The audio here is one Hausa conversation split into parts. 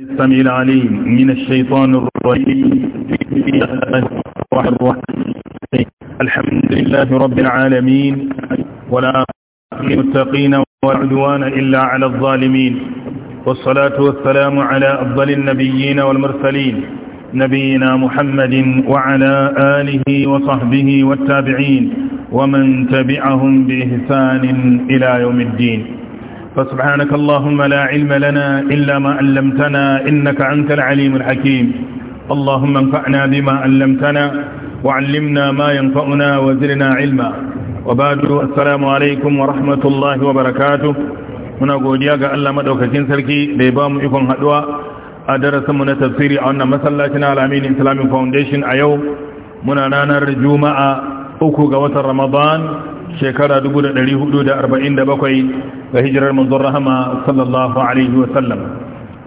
السميع العليم من الشيطان الرجيم الحمد لله رب العالمين ولا متقين ولا عدوان إلا على الظالمين والصلاة والسلام على أفضل النبيين والمرسلين نبينا محمد وعلى آله وصحبه والتابعين ومن تبعهم بإحسان إلى يوم الدين فسبحانك اللهم لا علم لنا إلا ما علمتنا إنك أنت العليم الحكيم اللهم انفعنا بما علمتنا وعلمنا ما ينفعنا وزرنا علما وبعد السلام عليكم ورحمة الله وبركاته muna godiya ga Allah madaukakin sarki da ya ba mu ikon haduwa a darasinmu na tafsiri a wannan masallacin alamin islamic foundation a yau muna ranar juma'a uku ga watan ramadan shekara 447 ga hijirar manzon rahama sallallahu alaihi wasallam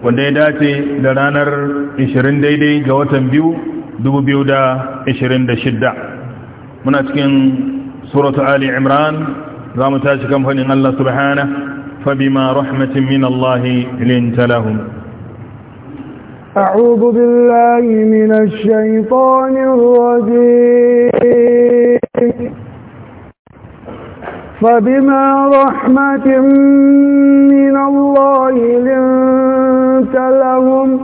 wanda ya dace da ranar 20 daidai ga watan biyu 2026 muna cikin suratu ali imran za mu tashi kamfanin Allah subhana فبما رحمة من الله لنت لهم أعوذ بالله من الشيطان الرجيم فبما رحمة من الله لنت لهم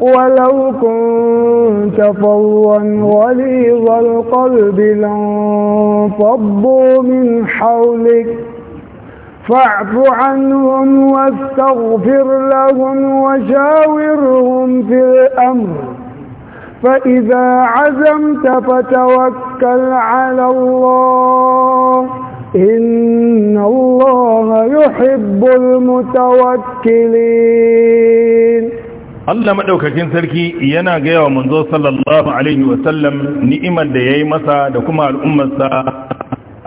ولو كنت فظا غليظ القلب لانفضوا من حولك فاعف عنهم واستغفر لهم وشاورهم في الأمر فإذا عزمت فتوكل على الله إن الله يحب المتوكلين Allah madaukakin sarki yana gaya wa manzo sallallahu alaihi wa sallam ni'imar da yayi masa da kuma al'ummarsa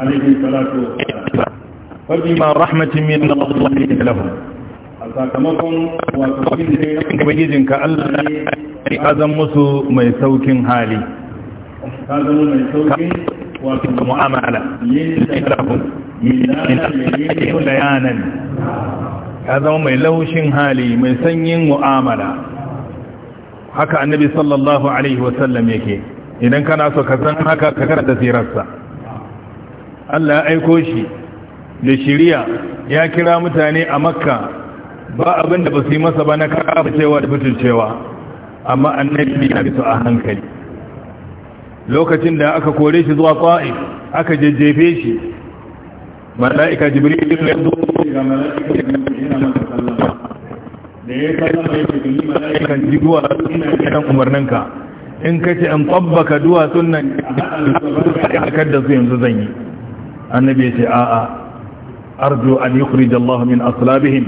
alaihi salatu wa bima rahmatin min Allah lahum sakamakon wato kin da yayi ka Allah ne azan musu mai saukin hali ka zama mai mu'amala bayanan ya zama mai laushin hali mai sanyin mu'amala haka annabi sallallahu alaihi wasallam yake idan kana so ka san haka ka karanta sirarsa Allah ya aiko shi da shiriya ya kira mutane a makka ba abin da ba su yi masa ba na kafa cewa da fitin cewa amma annabi ya fito a hankali lokacin da aka kore shi zuwa ta'if aka jajjefe shi mala'ika jibril ya zo ga mala'ika yana masa da ya sallama ya ce ni mala'ika jibril ina kiran umarninka in ka ce in tsabbaka duwatsun nan harkar da su yanzu zan yi annabi ya ce a'a arju an min aslabihim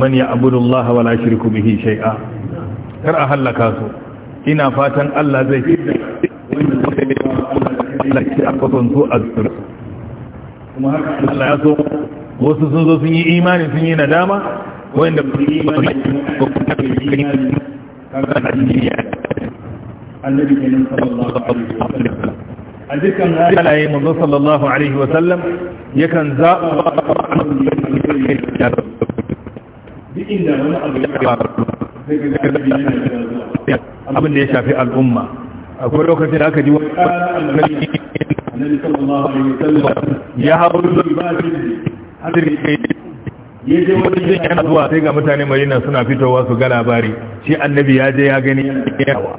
man ya'budu Allah wa la yushriku kar a halaka su ina fatan Allah zai fitar a kwasan a tsira kuma haka Allah ya so wasu sun zo sun yi imani sun yi nadama wanda ba yi imani ko kuma ta yi imani kaga da annabi kenan sallallahu alaihi wasallam a dukkan halaye manzo sallallahu alaihi wasallam yakan zaba duk inda wani abu ya faru abin da ya shafi al'umma akwai lokacin da aka ji wani ya ya je wani jin yana zuwa sai ga mutane marina suna fitowa su ga labari shi annabi ya je ya gani yawa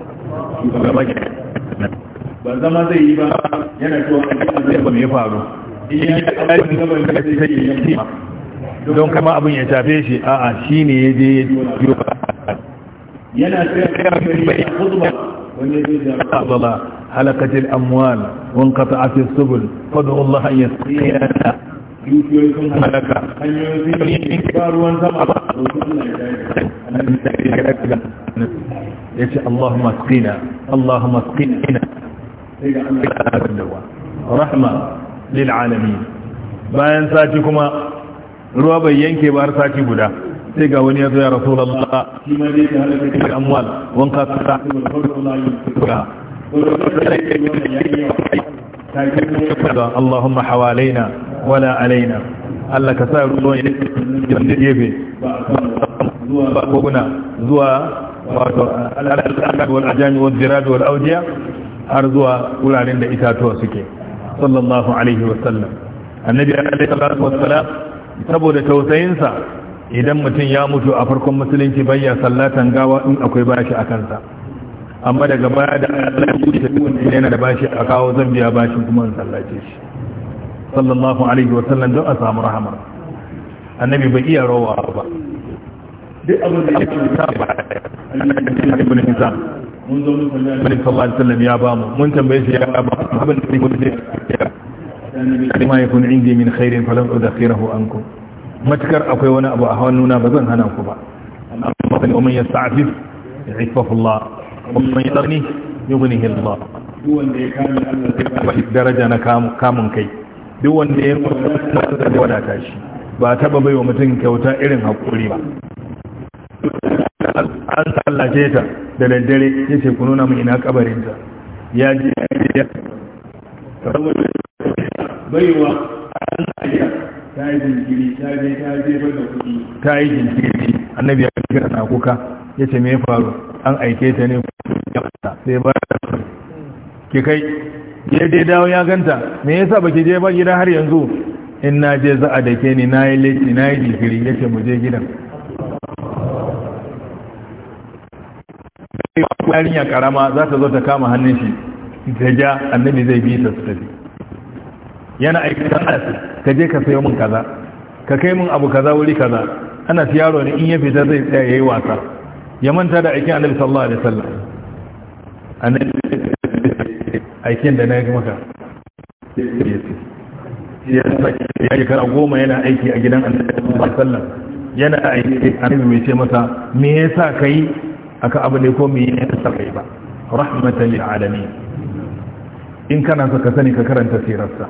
ba zama zai yi ba yana cewa faru don kama abin ya shafe shi a'a shi ne ya je ya yana a mai أضل هلكت الأموال وانقطعت السبل فادعوا الله أن يسقينا هلك يا اللهم اسقنا اللهم اسقنا رحمة للعالمين bayan sati kuma ruwa bai yanke ba har sati guda sai ga wani ya zo ya rasulullah shi ma dai da halaka da amwal wanka ta ga اللهم حوالينا ولا Allah ka sa ruwan da gefe zuwa koguna zuwa wato al'adar ajami wa ziradu wa aujiya har zuwa wuraren da itatuwa suke sallallahu alaihi wasallam annabi alaihi salatu wassalam saboda tausayinsa idan mutum ya mutu a farkon musulunci bayya sallatan gawa in akwai bashi a kansa amma daga baya da Allah ya wuce duk yana da bashi a kawo zan biya bashin kuma in sallace shi sallallahu alaihi wa sallam don a samu rahama annabi bai iya rawa ba duk abin da yake ta ba annabi ibn Hizam mun zo mun sallallahu alaihi wa sallam ya ba mu mun tambaye shi ya ba abin da yake ya ma yakun indi min khairin falan udakhiruhu ankum matukar akwai wani abu a hannuna ba zan hana ku ba amma kan umman yasta'fif ya'ifahu Allah umman yadni yughnihi Allah duk wanda ya kame Allah zai daraja na kamun kai duk wanda ya mutunta da wadata shi ba taba baiwa mutum kyauta irin hakuri ba an tsallace ta da daddare ya ce ku nuna min ina kabarinta ya ji ya baiwa an sallace ta yi jinkiri ta je ta jefar da kuɗi ta yi jinkiri annabi ya kira na kuka ya ce me faru an aike ta ne sai ba da su ki kai ya dai dawo ya ganta me yasa baki je ba gida har yanzu in na je za a dake ni na yi laifi na yi jinkiri ya ce mu je gidan yarinya karama za ta zo ta kama hannun shi ta ja annabi zai bi ta su tafi yana aiki da ka je ka sayo min kaza ka kai min abu kaza wuri kaza ana yaro ne in ya fita zai tsaya yayi wasa ya manta da aikin annabi sallallahu alaihi wasallam annabi aikin da na yi maka ya yi kara goma yana aiki a gidan annabi sallallahu alaihi wasallam yana aiki annabi mai ce masa me yasa kai aka abu ne ko me yasa kai ba rahmatan lil alamin in kana so ka sani ka karanta sirarsa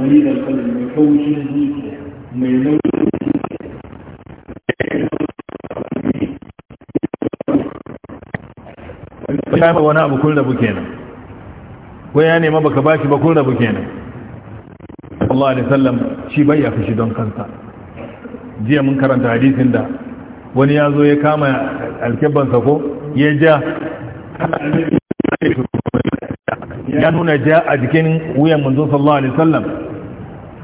غليظ القلب من كوشين زوجيا من نوع ya ba wani abu kun rabu kenan ko ya nema baka bashi ba kun rabu kenan Allah alaihi sallam shi bai ya fushi don kansa jiya mun karanta hadisin da wani ya zo ya kama alkibbansa ko ya ja ya nuna ja a jikin wuyan manzo sallallahu alaihi wasallam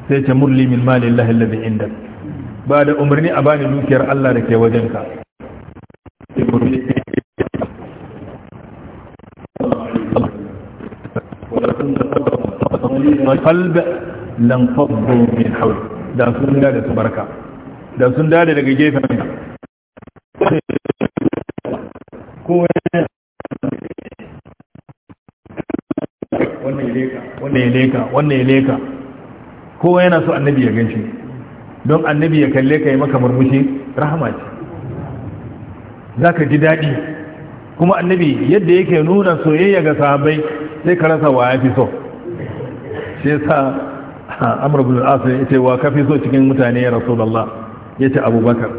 sai ce murli min mali Allah alladhi inda. ba da umarni a bani dukiyar Allah da ke wajenka da sun da da sun da daga wannan ya leka wannan ya leka wannan ya leka kowa yana so annabi ya gan shi don annabi ya kalle ka yi maka murmushi rahama ce za ka ji daɗi kuma annabi yadda yake nuna soyayya ga sahabbai sai ka rasa wa ya fi so shi sa amr ibn al ya ce wa ka fi so cikin mutane ya ya yace abubakar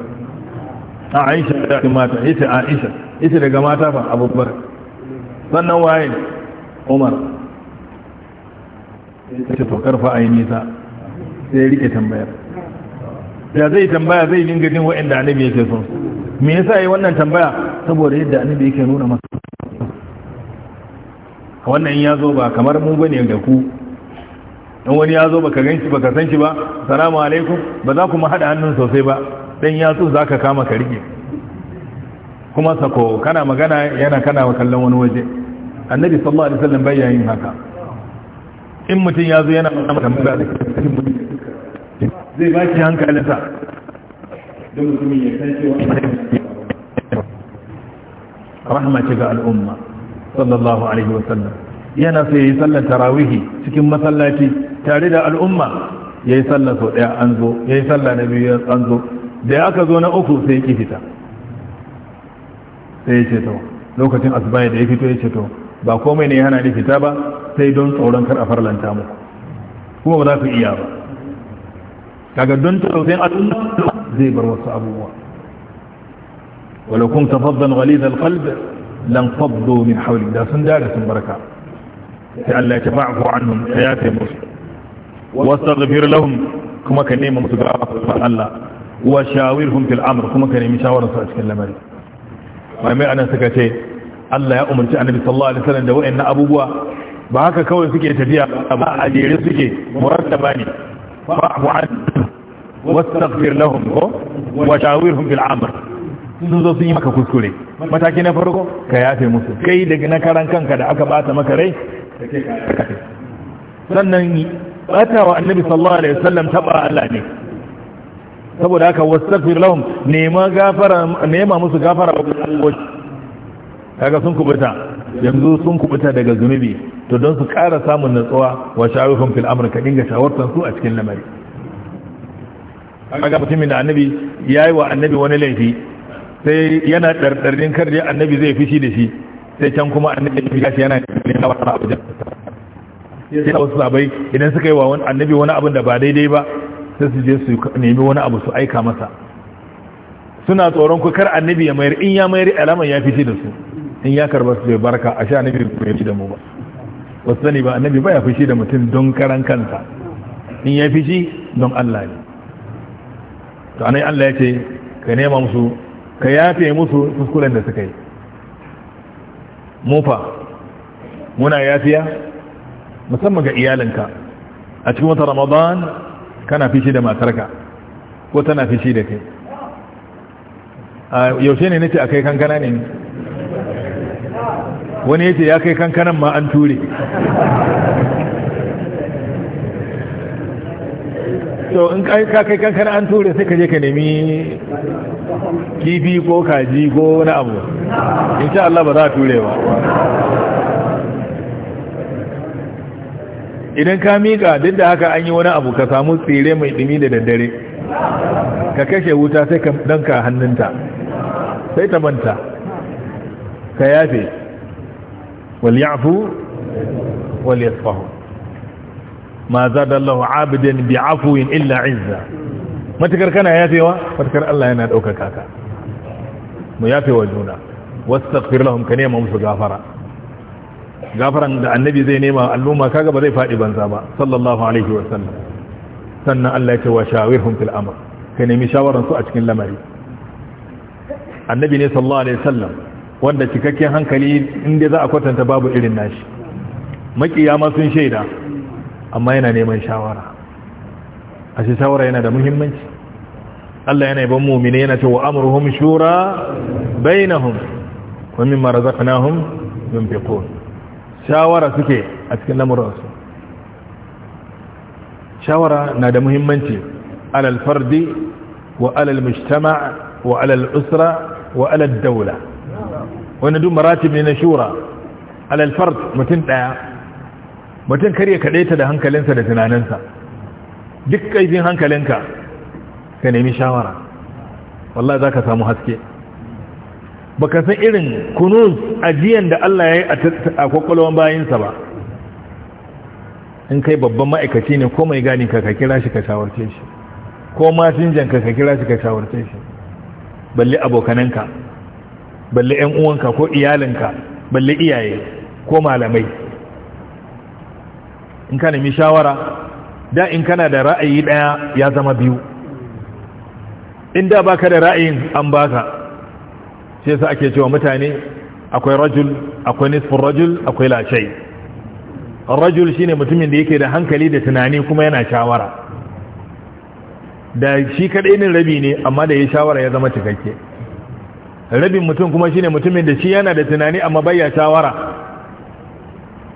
aisha da mata yace aisha yace daga mata fa abubakar sannan waye umar yace to karfa ayi nisa sai ya rike tambayar da zai tambaya zai dinga jin wa'anda annabi yake son me yasa yayi wannan tambaya saboda yadda annabi yake nuna masa wannan ya zo ba kamar mu bane da ku in wani ya zo baka ganshi baka san shi ba assalamu alaikum ba za ku ma hada hannun sosai ba dan ya so zaka kama ka rike kuma sako kana magana yana kana kallon wani waje annabi sallallahu alaihi wasallam bai yin haka in mutum ya zo yana magana tambaya da zai ba ki hankalinsa don mutumin ya san cewa rahama ce ga al'umma sallallahu alaihi wasallam yana so yayi sallar tarawihi cikin masallaci tare da al'umma ya yi sallar so ɗaya an zo ya yi sallar na biyu an zo da aka zo na uku sai ki fita sai ya ce to lokacin asuba da ya fito ya ce to ba komai ne ya hana ni fita ba sai don tsoron kar a farlanta muku kuma ba za ku iya ba kaga don tausayin Allah zai bar wasu abubuwa walau kun wali ghalid alqalb lan faddo min hawlik da sun dada sun barka sai Allah ya ce fa'fu anhum ka yafe musu wastaghfir lahum kuma ka nema musu gafara Allah wa shawirhum fil amur kuma ka nemi shawara su a cikin lamari mai mai anan suka ce Allah ya umarci annabi sallallahu alaihi wasallam da wa'annan abubuwa ba haka kawai suke tafiya ba a jere suke murattaba ne fa'fu anhum wastaghfir lahum ko wa shawirhum fil sun zo sun yi maka kuskure mataki na farko ka yafe musu kai daga na karan kanka da aka bata maka rai sannan bata wa annabi sallallahu alaihi wasallam taba Allah ne saboda haka wastaghfir lahum nema gafara nema musu gafara kaga sun kubuta yanzu sun kubuta daga zunubi to don su ƙara samun natsuwa wa shawirhum fil amr ka dinga shawartar su a cikin lamari kaga mutumin da annabi ya yi wa annabi wani laifi sai yana dardardin kar annabi zai shi da shi sai can kuma annabi ya fishi yana ne na wata abu sai da wasu sabai idan suka yi wa annabi wani abin da ba daidai ba sai su je su nemi wani abu su aika masa suna tsoron ku kar annabi ya mayar in ya mayar alaman ya shi da su in ya karba su bai barka a sha annabi bai fi da mu ba wasu sani ba annabi ba ya shi da mutum don karan kansa in ya shi don Allah ne to anai Allah ya ce ka nema musu ka yafe musu kuskuren da suka yi mufa muna yafiya musamman ga iyalinka a cikin wata ramadan kana fishi da matarka ko tana fishi da kai a yaushe ne nace akai kankana ne wani yace ya kai kankanan ma an ture to in ka kai kankana an ture sai ka je ka nemi kifi ko kaji ko wani abu insha Allah ba za a ture ba idan ka miƙa duk da haka an yi wani abu ka samu tsire mai ɗumi da daddare ka kashe wuta sai ka danka hannunta sai ta manta ka yafe wal ya'fu wal yasfahu ma zadallahu abidan bi afuwin illa izza matakar kana yafewa matakar Allah yana daukar kaka mu yafewa juna wastaghfir lahum ka nema musu gafara gafaran da annabi zai nema al'umma kaga ba zai fadi banza ba sallallahu alaihi wa sallam sannan Allah ya ce wa shawirhum fil amr ka nemi shawaran su a cikin lamari annabi ne sallallahu alaihi wa sallam wanda cikakken hankali inda za a kwatanta babu irin nashi makiya ma sun shaida amma yana neman shawara a shi shawara yana da muhimmanci Allah yana ban mu'mini yana cewa amruhum shura bainahum wa mimma razaqnahum yunfiqun shawara suke a cikin lamuransu shawara na da muhimmanci alal fardi wa alal mujtama' wa alal usra wa alal dawla wannan duk maratib ne na shura alal fard mutum daya mutum kar ya kaɗaita da hankalinsa da tunaninsa duk ƙaifin hankalinka ka nemi shawara za ka samu haske ba ka san irin kunun ajiyan da Allah ya yi a kwakwalwan bayansa ba in kai babban ma'aikaci ne ko mai gani ka kira shi ka shawarce shi ko masinjan ka ka kira shi ka shawarce shi balle abokananka balle 'yan uwanka ko iyalinka balle iyaye ko malamai in ka nemi shawara da in kana da ra'ayi daya ya zama biyu in da baka da ra'ayin an baka sai sa ake cewa mutane akwai rajul akwai nisfin rajul akwai lashai rajul shine mutumin da yake da hankali da tunani kuma yana shawara da shi kadai ne rabi ne amma da ya shawara ya zama cikakke rabin mutum kuma shine mutumin da shi yana da tunani amma bai ya shawara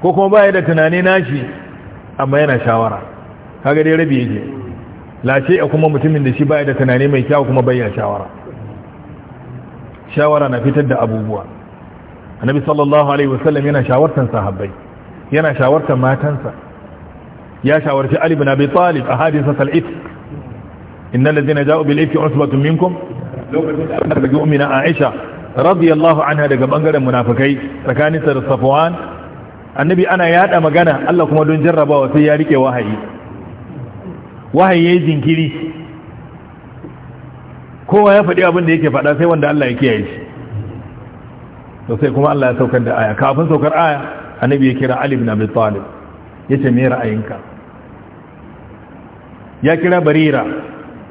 ko kuma baya da tunani nashi amma yana shawara kaga dai rabi yake lace a kuma mutumin da shi baya da tunani mai kyau kuma bayyana shawara shawara na fitar da abubuwa annabi sallallahu alaihi wasallam yana shawartan sahabbai yana shawartan matansa ya shawarci Ali ibn Abi Talib a hadisa Salif. if innal ladina ja'u bil ifki usbatun minkum lokacin da Aisha radiyallahu anha daga bangaren munafikai tsakanin sa da Safwan annabi ana yada magana Allah kuma don jarrabawa sai ya rike wahayi wahayi yi jinkiri kowa ya faɗi abin da yake faɗa sai wanda Allah ya kiyaye shi to sai kuma Allah ya saukar da aya kafin saukar aya annabi ya kira Ali ibn Abi Talib ce me ra'ayinka ya kira Barira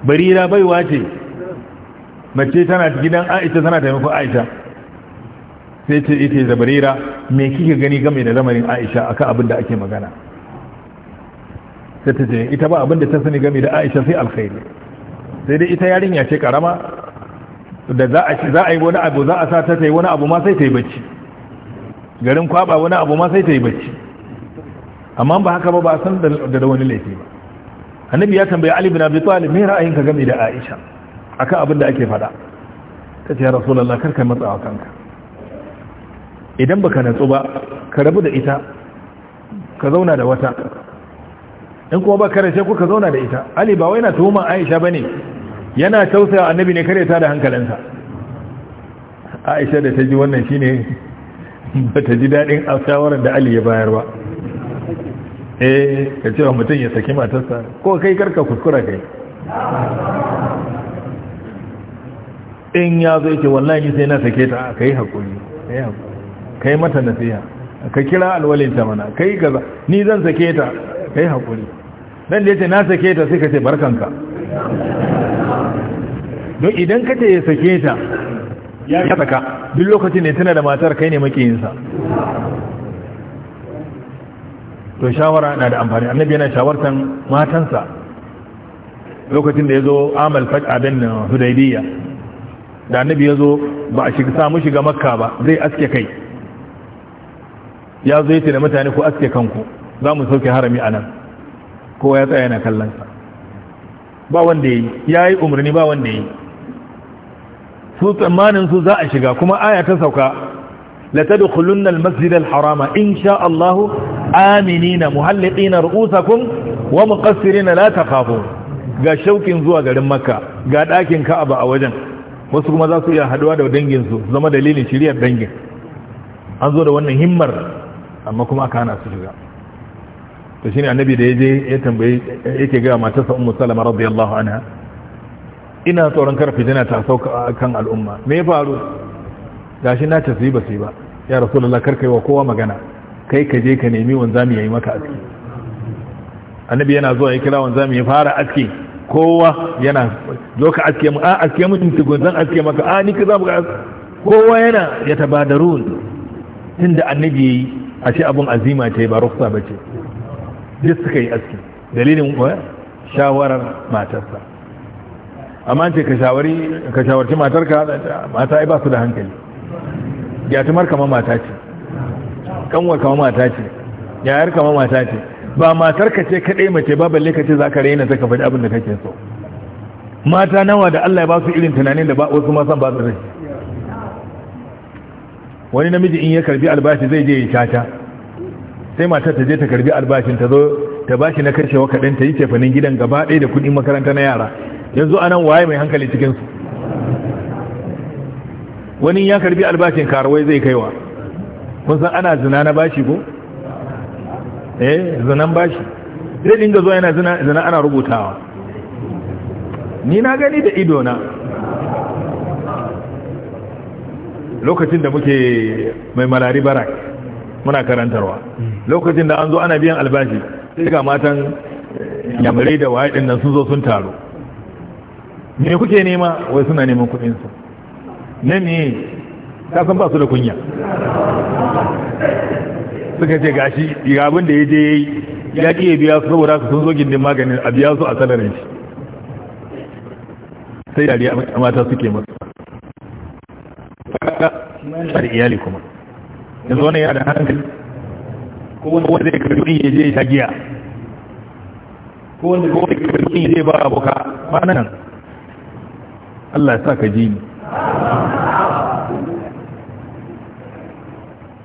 Barira baiwa ce mace tana gidan Aisha tana taimakon Aisha sai ce ita zabarira me kika gani game da lamarin aisha akan abin da ake magana sai ta ce ita ba abin da ta sani game da aisha sai alkhairi sai dai ita yarinya ce karama da za a yi wani abu za a sa ta yi wani abu ma sai ta yi bacci garin kwaba wani abu ma sai ta yi bacci amma ba haka ba ba san da wani laifi ba annabi ya tambaye ali bin abi talib me ra'ayinka game da aisha akan abin da ake faɗa ta ce ya rasulullah ka matsawa kanka idan ba ka natsu ba ka rabu da ita ka zauna da wata in kuma ba karashe ku ka zauna da ita ali ba wai na tuhuma aisha ba ne yana tausaya annabi ne kare ta da hankalinsa aisha da ta ji wannan ne ba ta ji daɗin shawarar da ali ya bayar ba eh ka ce wa mutum ya saki matarsa ko kai karka kuskura kai in ya zo yake wallahi sai na sake ta kai ka yi haƙuri kai mata nasiha ka kira alwalinta mana kai gaza ni zan sake ta kai hakuri dan da yace na sake ta sai ka ce barkanka don idan ka ce ya sake ta ya saka duk lokacin ne tana da matar kai ne makiyinsa to shawara na da amfani annabi yana shawartan matansa lokacin da ya zo fat'a bin hudaybiya da annabi ya zo ba a shiga samu shiga makka ba zai aske kai ya zo yace da mutane ku aske kanku za mu sauke harami a nan kowa ya tsaya yana kallon sa ba wanda yi ya yi umarni ba wanda yi su tsammanin su za a shiga kuma aya ta sauka la tadkhulunnal al al-harama insha Allah aminina muhalliqina ru'usakum wa muqassirina la takhafun ga shaukin zuwa garin makka ga dakin ka'aba a wajen wasu kuma za su iya haduwa da dangin su zama dalilin shiriyar dangin an zo da wannan himmar amma kuma aka hana su shiga to shine annabi da yaje ya tambaye yake ga matarsa ummu salama radiyallahu anha ina tsoron kar fitina ta sauka kan al'umma me ya faru gashi na ta ba sai ba ya rasulullahi kar kai wa kowa magana kai ka je ka nemi wanzami yayi maka aski annabi yana zuwa ya kira wanzami ya fara aski kowa yana zo ka aske mu a aske mu tugun zan aske maka a ni ka za mu ga kowa yana ya tabadarun tunda annabi yayi ce abun azima ta yi ba rufsa ba ce duk suka yi aski dalilin kuwa shawarar matarsa amma ce ka shawarci matarka mata ai ba su da hankali yatumar kama mata ce kanwa kama mata ce yayar kama mata ce ba matarka ce kaɗai mace ba balle ka ce za ka raina ta ka faɗi abin da kake so mata nawa da Allah ya ba su irin tunanin da ba wasu san ba su rai wani namiji in ya karbi albashi zai je ya caca sai matar ta je ta karbi albashin ta zo ta bashi na kashewa kaɗan ta yi cefanin gidan gaba ɗaya da kuɗin makaranta na yara yanzu a nan waye mai hankali cikinsu wani ya karbi albashin karuwai zai kaiwa kun san ana zina na bashi ko eh zinan bashi zai dinga zuwa yana zina ana rubutawa ni na gani da idona lokacin da muke mai malari barak muna karantarwa lokacin da an zo ana biyan albashi sai ga matan eh, yamurai da waɗin nan sun zo sun taru me kuke nema wai suna neman kuɗinsu ne me kasan ba su da kunya suka ce gashi ga abin da ya je ya yi ya ƙi ya biya su saboda su sun zo gindin maganin a biya su a salarin shi sai dariya mata suke masu har iyali kuma yanzu wannan yana da hankali ko wanda zai karbi kuɗi ya je ta giya ko wanda ko wanda karbi kuɗi ya je ba aboka ba nan Allah sa ka ji ni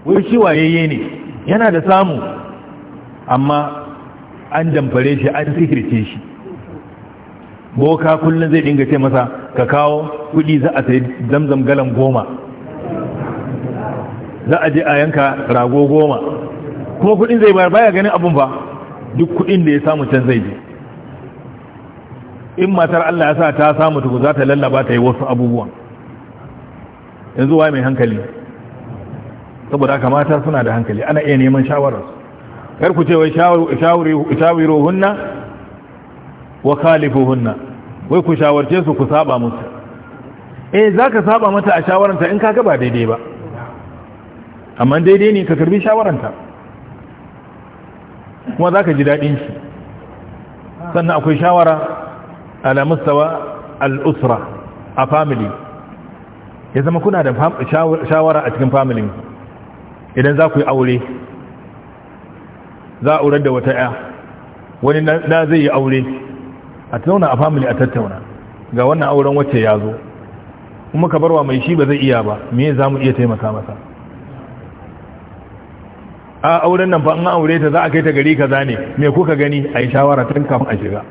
wai shi wayayye ne yana da samu amma an damfare shi an sihirce shi boka kullum zai dinga ce masa ka kawo kuɗi za a sai zamzam galan goma za a je a yanka rago goma kuma kudin zai bayar baya ganin abun ba duk kudin da ya samu can zai je in matar Allah ya sa ta samu tuku za ta lallaba ta yi wasu abubuwan yanzu wa mai hankali saboda haka mata suna da hankali ana iya neman shawararsu kar ku ce wai shawiro hunna wa kalifu hunna wai ku shawarce su ku saba musu eh za ka saba mata a shawaranta in ka gaba daidai ba amma daidai ne ka karbi shawaranta kuma za ka ji daɗin shi sannan akwai shawara alamustawa al'usra a family ya zama kuna da shawara a cikin family idan za ku yi aure za a urar da wata ya wani na zai yi aure a tattauna a family a tattauna ga wannan auren wacce ya zo kuma ka barwa mai shi ba zai iya ba me za mu iya taimaka masa a auren nan fa an aure ta za a kai ta gari kaza ne me kuka gani a yi shawara tun kafin a shiga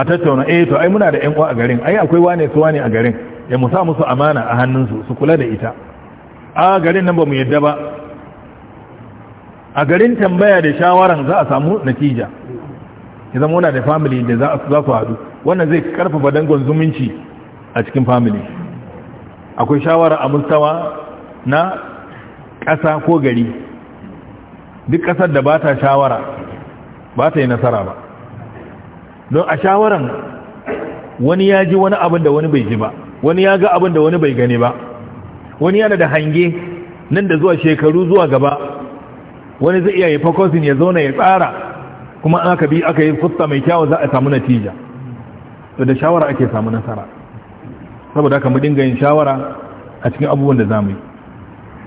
a tattauna eh to ai muna da yan uwa a garin ai akwai wane su wane a garin ya eh, musa musu amana a hannunsu su kula da ita a garin nan ba mu yadda ba a garin tambaya da shawaran za a samu natija ya zama wana da family da za su haɗu wannan zai karfafa dangon zumunci a cikin family akwai shawara a mustawa na ƙasa ko gari duk ƙasar da ba ta shawara ba ta yi nasara ba don a shawaran wani ya ji wani abin da wani bai ji ba wani ya ga abin da wani bai gani ba wani yana da hange nan da zuwa shekaru zuwa gaba wani zai iya yi fakosin ya zauna ya tsara kuma aka bi aka yi fusta mai kyawun za a samu natija to da shawara ake samu nasara saboda haka mu dinga yin shawara a cikin abubuwan da zamu yi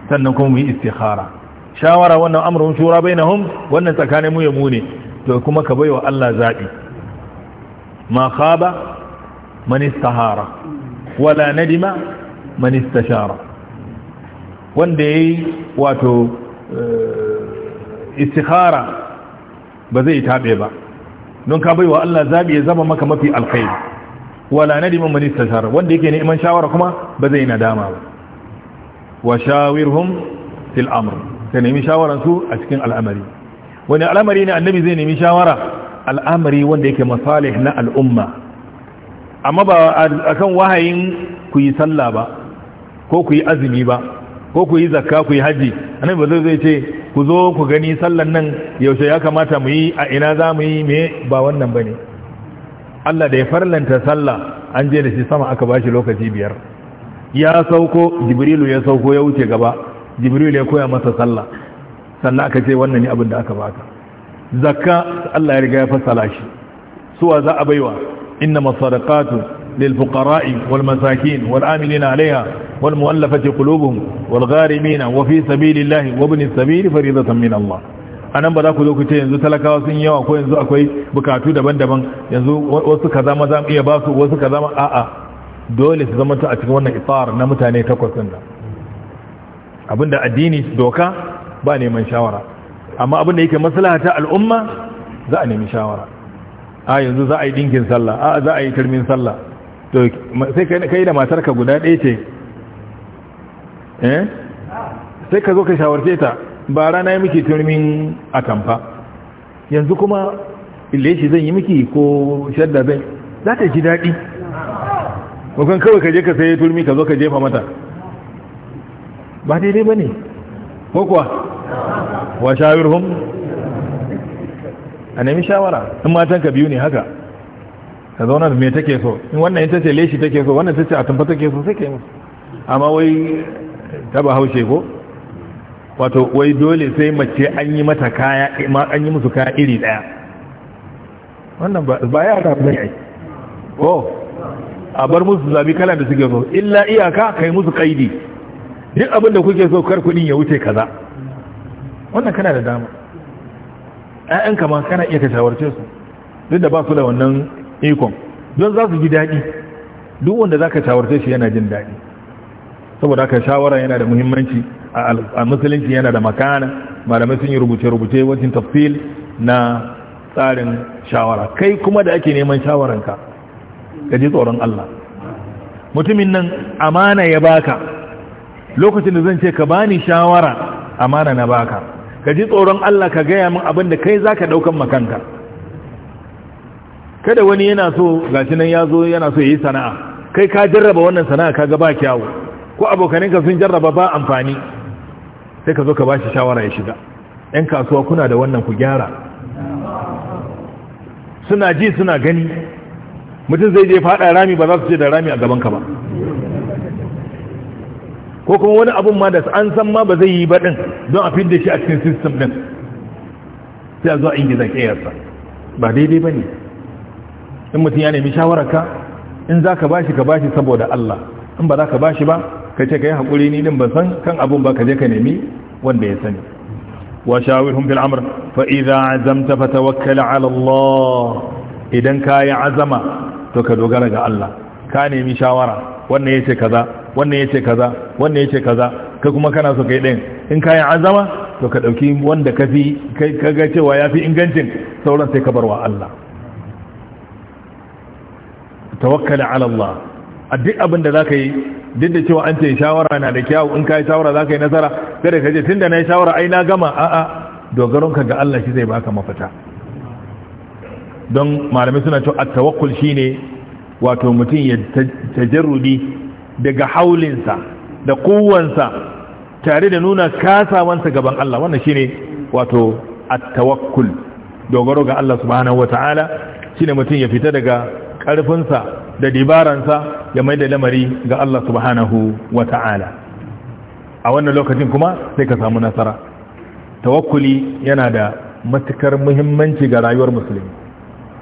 sannan kuma mu yi istikhara shawara wannan amrun shura bai na hun wannan tsakanin mu ya muni to kuma ka bai wa Allah zaɓi ma khaba manista hara wala nadima manista shara wanda ya yi wato eh, istikhara ba zai taɓe ba don ka bai wa Allah zaɓi ya zama maka mafi alkhairi wala nadima manista shara wanda yake neman shawara kuma ba zai nadama ba wa shawirhum fil amr ka nemi shawararsu a cikin al'amari wani al'amari ne annabi zai nemi shawara al'amari wanda yake masalih na al'umma amma ba akan wahayin ku yi sallah ba ko ku yi azumi ba ko ku yi zakka ku yi haji annabi ba zai ce ku zo ku gani sallan nan yaushe ya kamata mu yi a ina za mu yi me ba wannan bane Allah da ya farlanta sallah an je da shi sama aka bashi lokaci biyar ya sauko jibrilu ya sauko ya wuce gaba jibril ya koya masa sallah sannan aka ce wannan ne abin da aka baka zakka Allah ya riga ya fassala shi suwa za a baiwa inna masadaqatu lil fuqara'i wal masakin wal amilina 'alayha wal mu'allafati qulubuhum wal gharimina wa fi sabilillahi wa ibn sabil fariidatan min Allah anan ba za ku zo ku ce yanzu talakawa sun yawa ko yanzu akwai bukatu daban-daban yanzu wasu kaza ma za mu iya ba su wasu kaza ma a'a dole su zama a cikin wannan isar na mutane takwas din nan abinda addini doka ba neman shawara amma abinda yake maslaha ta al'umma za a nemi shawara a yanzu za a yi dinkin sallah a za a yi turmin sallah to sai kai da matarka guda ɗaya ce eh sai ka zo ka shawarce ta ba rana yi miki turmin atamfa yanzu kuma shi zan yi miki ko shadda zai za ta ji daɗi mukan kawai ka je ka sai turmi ka zo ka jefa mata ba daidai ba ne ko kuwa wa shawirhum a nemi shawara in matan ka biyu ne haka ka zauna da me take so in wannan ita ce leshi take so wannan ita ce a tumfa take so sai ka yi musu amma wai taba haushe ko wato wai dole sai mace an yi mata kaya an yi musu kaya iri daya wannan ba ya ta bai ai ko a bar musu zabi kalan da suke so illa iyaka kai musu kaidi duk abin da kuke so kar kudin ya wuce kaza wannan kana da dama ƴaƴan kama kana iya ka shawarce su duk da ba su da wannan ikon don za su ji daɗi duk wanda za ka shawarce shi yana jin daɗi saboda haka shawara yana da muhimmanci a musulunci yana da makana malamai sun yi rubuce-rubuce wajen tafsil na tsarin shawara kai kuma da ake neman shawaranka ka ji tsoron Allah mutumin nan amana ya baka lokacin da zan ce ka bani shawara amana na baka ka ji tsoron Allah ka gaya min abin da kai zaka daukan makanka kada wani yana so gashi nan ya zo yana so yayi sana'a kai ka jarraba wannan sana'a ka ga ba kyawu ko abokaninka sun jarraba ba amfani sai ka zo ka bashi shawara ya shiga yan kasuwa kuna da wannan ku gyara suna ji suna gani mutum zai je faɗa rami ba za su ce da rami a gaban ka ba ko kuma wani abun ma da an san ma ba zai yi ba din don a fidda shi a cikin system din sai a zuwa a ingiza kiyarsa ba daidai ba ne in mutum ya nemi shawararka in za ka bashi ka bashi saboda Allah in ba za ka bashi ba ka ce ka yi haƙuri ni din ban san kan abun ba ka je ka nemi wanda ya sani wa shawirhum fil amr fa idza azamta fatawakkal ala Allah idan ka yi azama to ka dogara ga Allah ka nemi shawara wannan yace kaza wannan yace kaza wannan yace kaza kai kuma kana so kai din in kayan azama to ka dauki wanda kafi kai kaga cewa yafi ingancin sauran sai ka barwa Allah tawakkal ala Allah a duk abin da zaka yi duk da cewa an ce shawara na da kyau in kai shawara zaka yi nasara kada kaje tunda na yi shawara ai na gama a'a dogaron ka ga Allah shi zai baka mafita don malamai suna cewa at-tawakkul shine wato mutum ya tajarrudi daga haulinsa da kowansa tare da nuna kasawansa gaban Allah wannan shine wato at-tawakkul dogaro ga Allah subhanahu wataala shine mutum ya fita daga karfinsa da dibaransa ya mai da lamari ga Allah subhanahu wataala a wannan lokacin kuma sai ka samu nasara Tawakuli yana da matukar muhimmanci ga rayuwar musulmi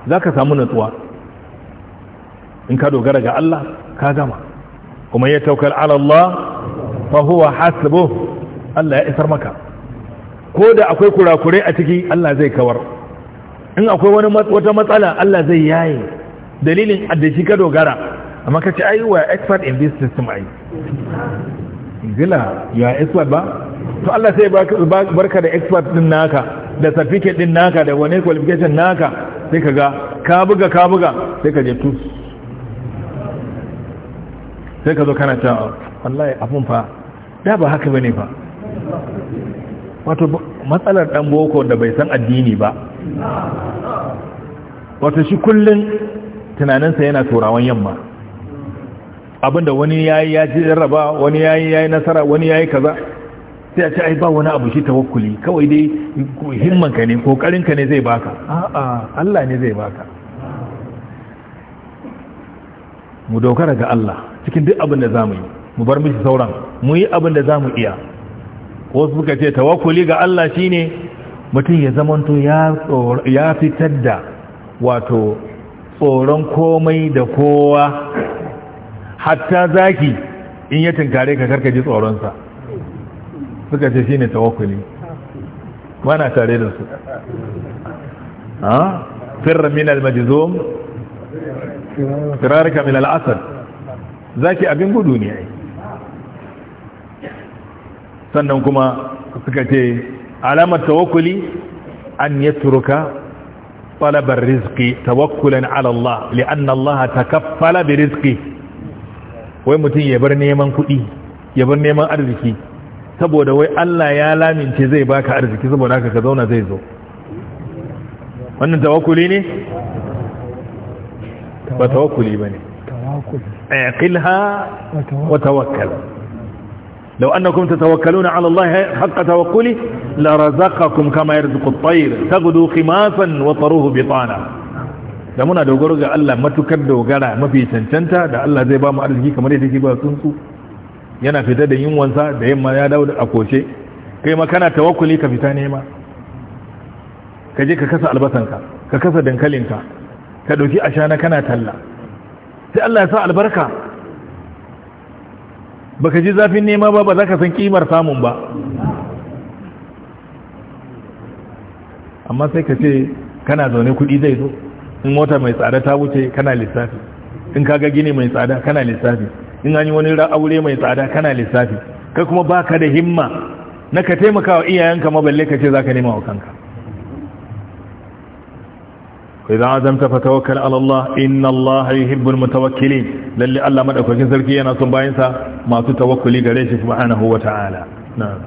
zaka samu natsuwa in ka dogara ga Allah ka gama kuma ya taukar alallah fahuwa hasbo Allah ya isar maka ko da akwai kurakurai a ciki Allah zai kawar in akwai wani wata matsala Allah zai yaye dalilin addashi ka dogara amma ka ce ai wa expert in this system ai Gila, ya expert ba to Allah sai barka da expert din naka da certificate din naka da wani qualification naka sai ka ga ka buga ka buga sai ka je tus sai ka zo kana ta wallahi abun fa da ba haka bane fa wato matsalar dan boko da bai san addini ba wato shi kullun tunaninsa yana turawan yamma abinda wani yayi ya ji raba wani yayi yayi nasara wani yayi kaza sai a ce ai ba wani abu shi tawakkuli kawai dai himmanka ne kokarinka ne zai baka a'a Allah ne zai baka mu dogara ga Allah cikin duk abin da zamu yi mu bar mishi sauran mu yi abin da zamu iya wasu suka ce tawakkuli ga Allah shine mutum ya zamanto ya fitar da wato tsoron komai da kowa hatta zaki in ya tinkare ka karka ji tsoronsa suka ce shine tawakkuli wana tare da su ha ah? firra min al-majzum firarka min al-asad Za ki abin gudu ne ai sannan kuma suka ce alamar tawakkuli an ya yatruka falabar rizqi tawakkulan ala Allah li'anna Allah takaffala bi rizqi wai mutum ya bar neman kuɗi ya bar neman arziki saboda wai Allah ya lamince zai baka arziki saboda haka ka zauna zai zo wannan tawakkuli ne ba tawakkuli bane tawakkuli اعقلها وتوكل لو أنكم تتوكلون على الله حق توكله لرزقكم كما يرزق الطير تغدو خماسا وطروه بطانا da muna dogaro ga Allah matukar dogara mafi cancanta da Allah zai ba mu arziki kamar yadda yake ba tsuntsu yana fita da yunwansa da yamma ya dawo a koshe kai ma kana tawakkuli ka fita nema ka je ka kasa albasanka ka kasa dankalinka ka ɗauki ashana kana talla sai Allah ya sa albarka baka ji zafin nema ba ba za ka san kimar samun ba amma sai ka ce kana zaune kudi zai zo in mota mai tsada ta wuce kana lissafi in kaga gini mai tsada kana lissafi in an yi wani aure mai tsada kana lissafi kai kuma ba ka da himma na ka taimaka wa iyayenka ma ka ce za ka nema wa kanka وإذا عزمت فتوكل على الله إن الله يحب المتوكلين للي الله مدعوكين سلكي أنا سنباينسا ما تتوكلي قريش سبحانه وتعالى نعم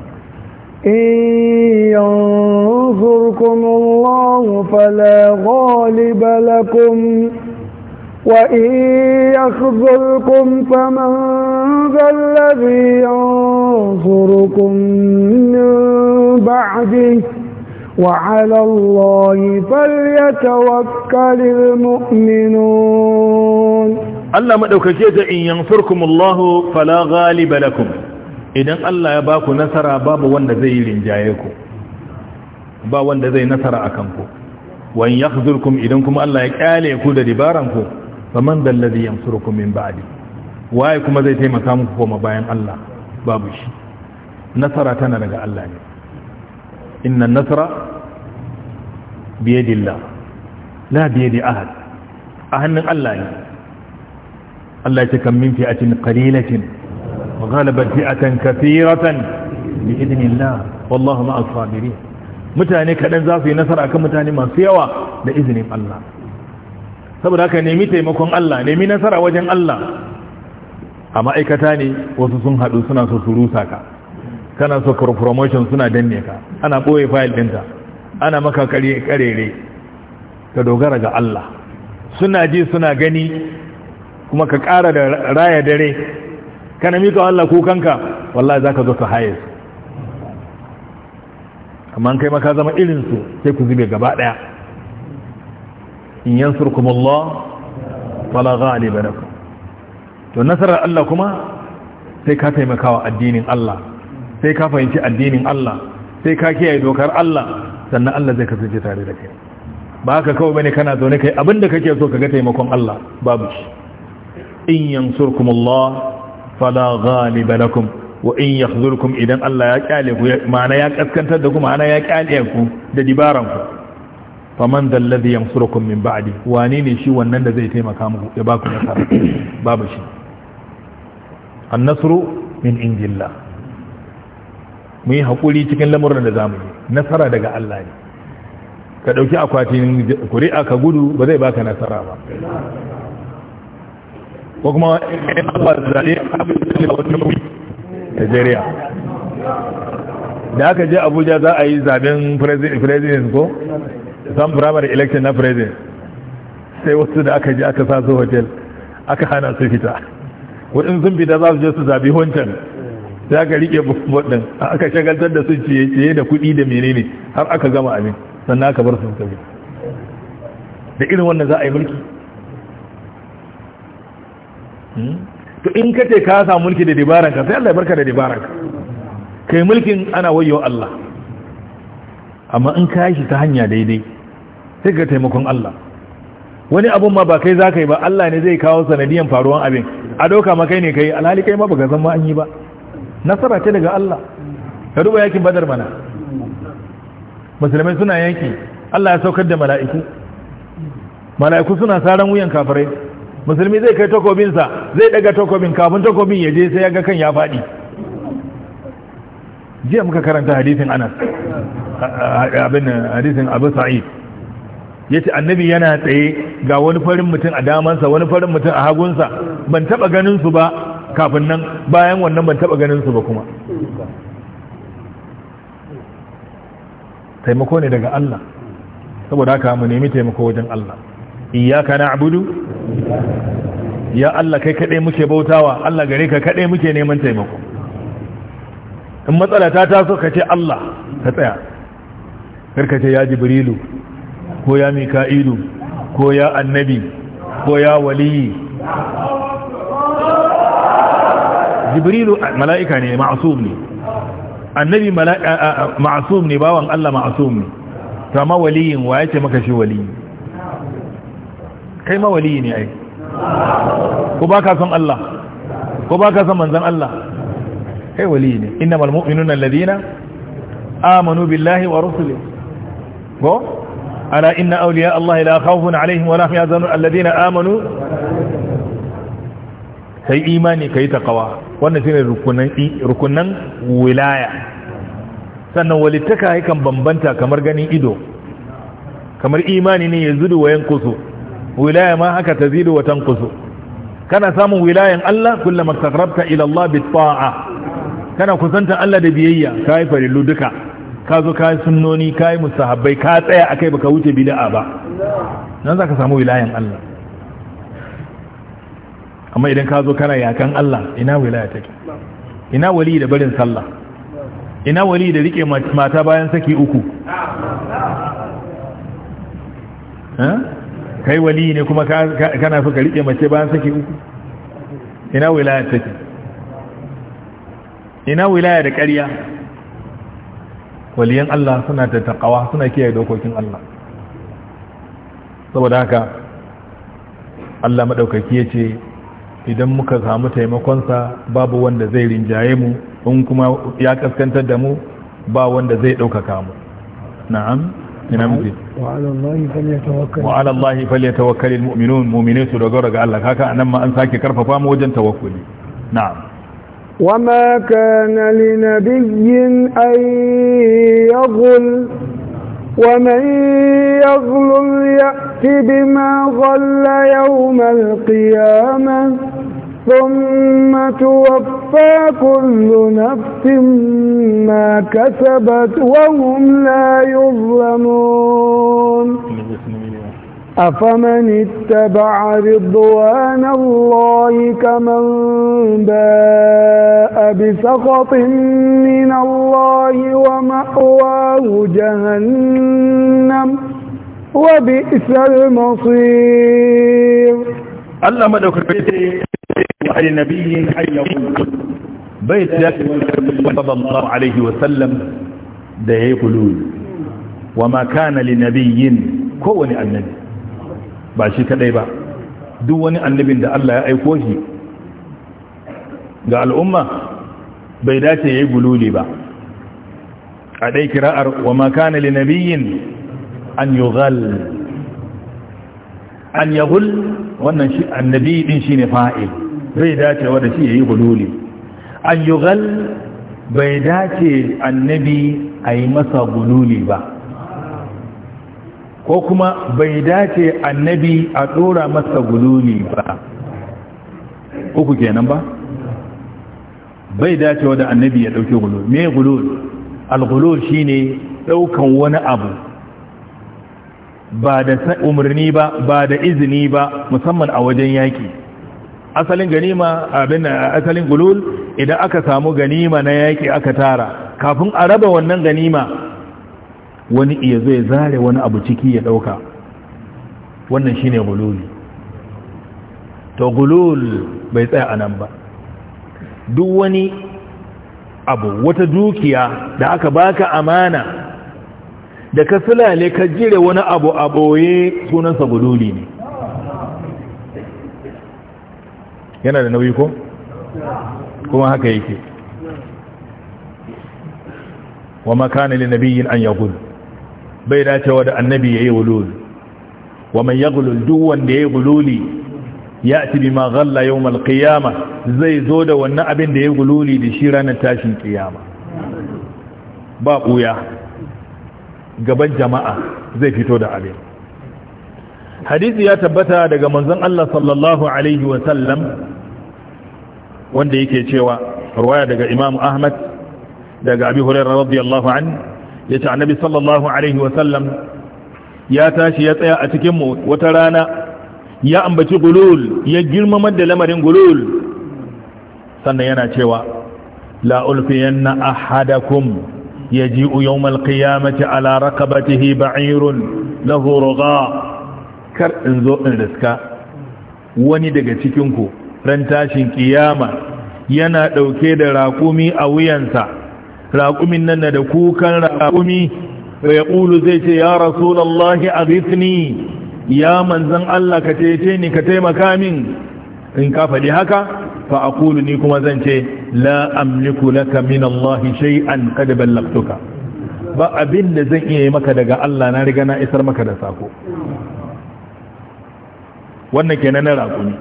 إن ينصركم الله فلا غالب لكم وإن يخذلكم فمن ذا الذي ينصركم من بعده وعلى الله فليتوكل المؤمنون الله مدوكake da in yansurkumullahu fala ghaliba lakum idan Allah ya baku nasara babu wanda zai rinjaye ku ba wanda zai nasara a kanku. wa in yakhzulkum idan kuma Allah ya kyale ku da dibaran ku faman dal ladhi yansurukum min ba'di waye kuma zai taimaka muku koma bayan Allah babu shi nasara tana daga Allah ne inna nasra biyadillah la biyadi ahad a hannun Allah ne Allah ya ce kan min fi'atin qalilatin wa ghalabat fi'atan kathiratan bi idnillah wallahu ma'as sabirin mutane kaɗan za su yi nasara kan mutane masu yawa da izinin Allah saboda haka nemi taimakon Allah nemi nasara wajen Allah a ma'aikata ne wasu sun haɗu suna so su ka kana so promotion suna danne ka ana boye fayil ɗinka ana maka karere ka dogara ga Allah suna ji suna gani kuma ka ƙara da raya dare kana mika Allah kukanka wallahi za zo ka haye su amma kai maka zama irin su sai ku zube gaba daya in yansurkumullah fala ghaliba lakum to nasarar Allah kuma sai ka taimakawa addinin Allah sai ka fahimci addinin Allah sai ka kiyaye dokar Allah sannan Allah zai kasance tare da kai ba haka kawai bane kana zaune kai abinda kake so kaga taimakon Allah babu shi in yansurkum Allah fala ghaliba lakum wa in yakhzurkum idan Allah ya kyale ku ma'ana ya kaskantar da ku ma'ana ya kyale ku da dibaran ku faman dal ladhi yansurukum min ba'di wane ne shi wannan da zai taimaka muku ya ba ku nasara babu shi an-nasru min indillah mu yi haƙuri cikin lamurin da zamu yi nasara daga Allah ne ka ɗauki akwatin kuri'a ka gudu ba zai baka nasara ba ko kuma ɗan abin da a wani ta jariya da aka je Abuja za a yi zaben president ko san primary election na president sai wasu da aka je aka sa su hotel aka hana su fita waɗin sun fita za su je su zabi wancan za ka rike buɗin aka shagaltar da su ciye-ciye da kuɗi da menene har aka gama abin sannan aka bar sun tafi da irin wannan za a yi mulki hmm? to in ka ce ka sa mulki da dabaranka ka sai Allah ya barka da dabaranka, ka kai mulkin ana wayo Allah amma in ka shi ta hanya daidai sai ka taimakon Allah wani abun ma ba kai za ka yi ba Allah ne zai kawo sanadiyan faruwan abin a doka ma kai ne kai alhali kai ma baka san ma an yi ba nasara ce daga Allah ka duba yakin badar mana musulmai suna yanki Allah ya saukar da mala'iku mala'iku suna saran wuyan kafirai musulmi zai kai takobinsa zai daga takobin kafin takobin ya je sai ya ga kan ya faɗi jiya muka karanta hadisin anas abin hadisin abu sa'id ya ce annabi yana tsaye ga wani farin mutum a damansa wani farin mutum a hagunsa ban taɓa ganinsu ba kafin nan bayan wannan ban taba ganin su ba kuma taimako ne daga Allah saboda haka mu nemi taimako wajen Allah iyyaka na'budu ya Allah kai kadai muke bautawa Allah gare ka kadai muke neman taimako in matsala ta taso ka ce Allah ka tsaya Kar ka ce ya jibrilu ko ya mika'ilu ko ya annabi ko ya waliyi jibrilu mala'ika ne ma'asum ne annabi ma'asum ne bawan Allah ma'asum ne ta mawaliyin wa yake maka shi waliyi kai mawaliyi ne ai ko ba ka son Allah ko ba ka son manzan Allah kai waliyi ne innamal mu'minuna alladhina amanu billahi wa rusulihi ko ala inna awliya Allah la khawfun alaihim wa la hum yahzanun alladhina amanu ka yi imani ka yi takawa wannan shi rukunan rukunan wilaya sannan walittaka yakan bambanta kamar ganin ido kamar imani ne ya zudu wa yankusu wilaya ma haka ta zidu wa tankusu kana samun wilayan Allah kulla taqrabta ilallah Allah kana kusanta Allah da biyayya kai farillu duka ka zo yi sunnoni yi musahabbai, ka tsaya akai baka wuce bida'a ba nan ka samu wilayen Allah amma idan ka zo kana yakan Allah ina wilaya take ina wali da barin sallah ina wali da rike mata bayan saki uku kai wali ne kuma kana so ka rike mace bayan saki uku ina wilaya take ina wilaya da ƙarya waliyan Allah suna da taqawa suna kiyaye dokokin Allah saboda haka Allah madaukaki yace idan muka samu taimakonsa babu wanda zai rinjaye mu in kuma ya kaskantar da mu ba wanda zai ɗaukaka mu na'am ina muke wa ala allahi falyatawakkal almu'minun mu'mine su dogara ga Allah haka anan ma an sake karfafa mu wajen tawakkuli na'am وما كان لنبي أن يغل ومن يغل يأت بما غل يوم القيامة ثم توفى كل نفس ما كسبت وهم لا يظلمون أفمن اتبع رضوان الله كمن باء بسخط من الله ومأواه جهنم وبئس المصير Allah maɗaukar ce يصح لنبي أن يقول بيت صلى الله عليه وسلم ده يقولون وما كان لنبي كون النبي باشي كدي ba duk wani annabin da Allah ya aiko shi ga al'umma bai dace ya yi gululi ba a d'ai kira'ar wa makana li nabiyin an yi an wannan shi annabi ɗin shi ne fa'il bai dacewa da shi ya yi hululi ayyugal bai dace annabi a yi masa hululi ba ko kuma bai dace annabi a ɗora masa hululi ba uku kenan ba bai dacewa da annabi ya dauke hululi me hululi al-hulul shine daukan wani abu ba da umarni ba ba da izini ba musamman a wajen yaki asalin ganima abin asalin gulul idan aka samu ganima na yaki aka tara kafin a raba wannan ganima wani iya zai zare wani abu ciki ya ɗauka wannan shine gululi to gulul bai tsaya a nan ba duk wani abu wata dukiya da aka baka amana da ka sulale ka jire wani abu a ɓoye sunansa gululi ne yana da nauyi ko kuma haka yake wa makana li nabiyyin an yaqul bai dacewa da annabi yayi wulul wa man yaqulul duk wanda yayi gululi ya'ti bima ghalla yawm alqiyama zai zo da wannan abin da yayi wululi da shi ranar tashin kiyama ba kuya gaban jama'a zai fito da abin hadisi ya tabbata daga manzon Allah sallallahu alaihi wa sallam wanda yake cewa ruwaya daga Imam Ahmad daga Abi Hurairah radiyallahu an yace annabi sallallahu alaihi wa sallam ya tashi ya tsaya a cikin mu wata rana ya ambaci gulul ya girmamar da lamarin gulul sannan yana cewa la ulfiyanna ahadakum yaji'u yawmal qiyamati ala raqabatihi ba'irun lahu rugha kar in zo in riska wani daga cikinku ran tashin kiyama yana ɗauke da raƙumi a wuyansa raƙumin nan da kukan raƙumi wa ya ƙulu zai ce ya rasulallahi a ya manzan Allah ka tece ni ka taimaka min in ka faɗi haka fa aqulu ni kuma zan ce la amliku laka min Allah shay'an qad ba abin da zan iya yi maka daga Allah na riga na isar maka da sako wannan kenan na raƙumi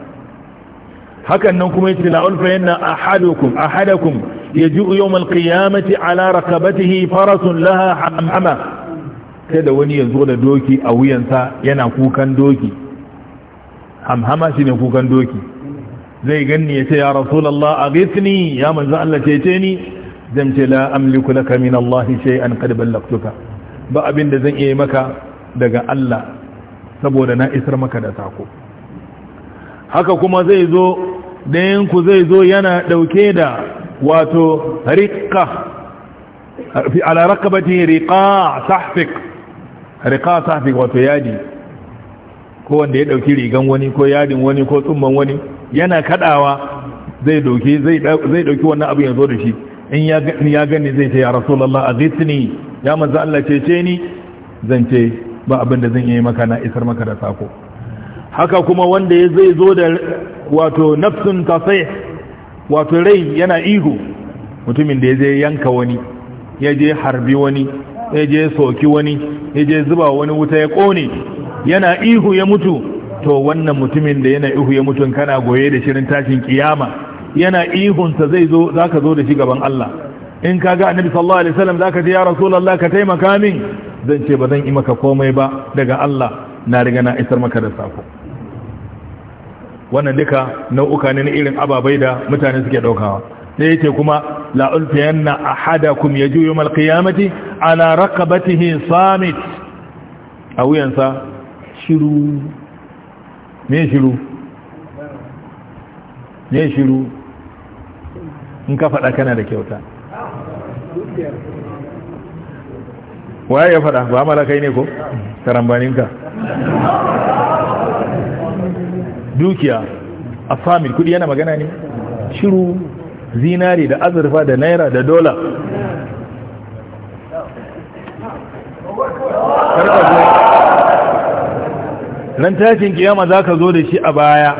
hakan nan kuma yace la ulfa yanna ahadukum ahadukum yaji'u yawm alqiyamati ala raqabatihi farasun laha hamama kada wani ya zo da doki a wuyansa yana kukan doki shi ne kukan doki zai ganni ce ya rasulullah aghithni ya manzo Allah cece ni zan ce la amliku laka min Allah shay'an qad ballagtuka ba abin da zan iya maka daga Allah saboda na isar maka da sako haka kuma zai zo ɗayanku zai zo yana ɗauke da wato riƙa fi alarakabati riƙa sahfik riƙa sahfik wato yadi ko wanda ya ɗauki rigan wani ko yadin wani ko tsumman wani yana kaɗawa zai ɗauki zai ɗauki wannan abin ya zo da shi in ya gani zai ce ya rasulallah a zitini ya manza Allah ce ce ni zan ce ba abin da zan yi maka na isar maka da sako haka kuma wanda ya zai zo da wato nafsun tasai wato rai yana ihu mutumin da ya je yanka wani ya je harbi wani ya je soki wani ya je zuba wani wuta ya kone yana ihu ya mutu to wannan mutumin da yana ihu ya mutu kana goye da shirin tashin kiyama yana ihunsa zai zo zaka zo da shi gaban Allah in kaga annabi sallallahu alaihi wasallam zaka ce ya rasulullah ka taimaka min zan ce ba zan yi maka komai ba daga Allah na riga na isar maka da sako wannan duka nau'uka ne na irin ababai da mutane suke daukawa sai yace kuma la ulfiyanna ahadakum yaju yawm alqiyamati ala raqabatihi samit a wuyansa shiru me shiru me shiru in ka faɗa kana da kyauta waye ya ba malakai ne ko tarambaninka dukiya a samun kudi yana magana ne shiru zinari da azurfa da naira da dola nan tashin kiyama za ka zo da shi a baya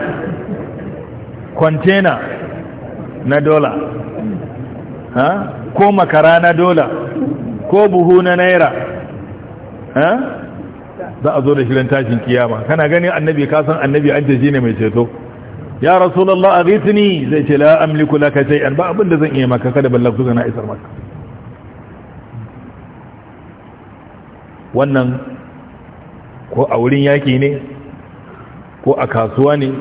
kwantena na dola ko makara na dola ko buhu na naira za a zo da shirin tashin kiyama kana ganin annabi ka san annabi an ce ne mai ceto ya rasulullah aghithni zai ce la amliku laka an ba abin da zan iya maka kada ballagtu na isar maka wannan ko a wurin yaki ne ko a kasuwa ne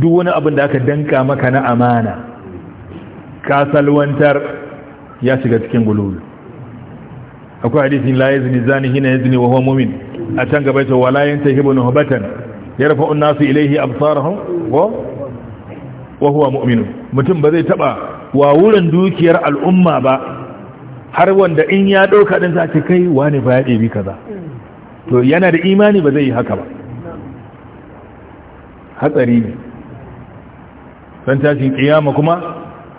duk wani abin da aka danka maka na amana ka salwantar ya shiga cikin gululu akwai hadisin la yazni zani hina yazni wa huwa mu'min a can gaba ce wala yantahi ibn hubatan yarfa'u an-nasu ilaihi absarahum wa wa huwa mu'min mutum ba zai taba wa wurin dukiyar al'umma ba har wanda in ya dauka din sa kai wani ba ya ɗebi kaza to yana da imani ba zai yi haka ba hatsari ne don tashin kiyama kuma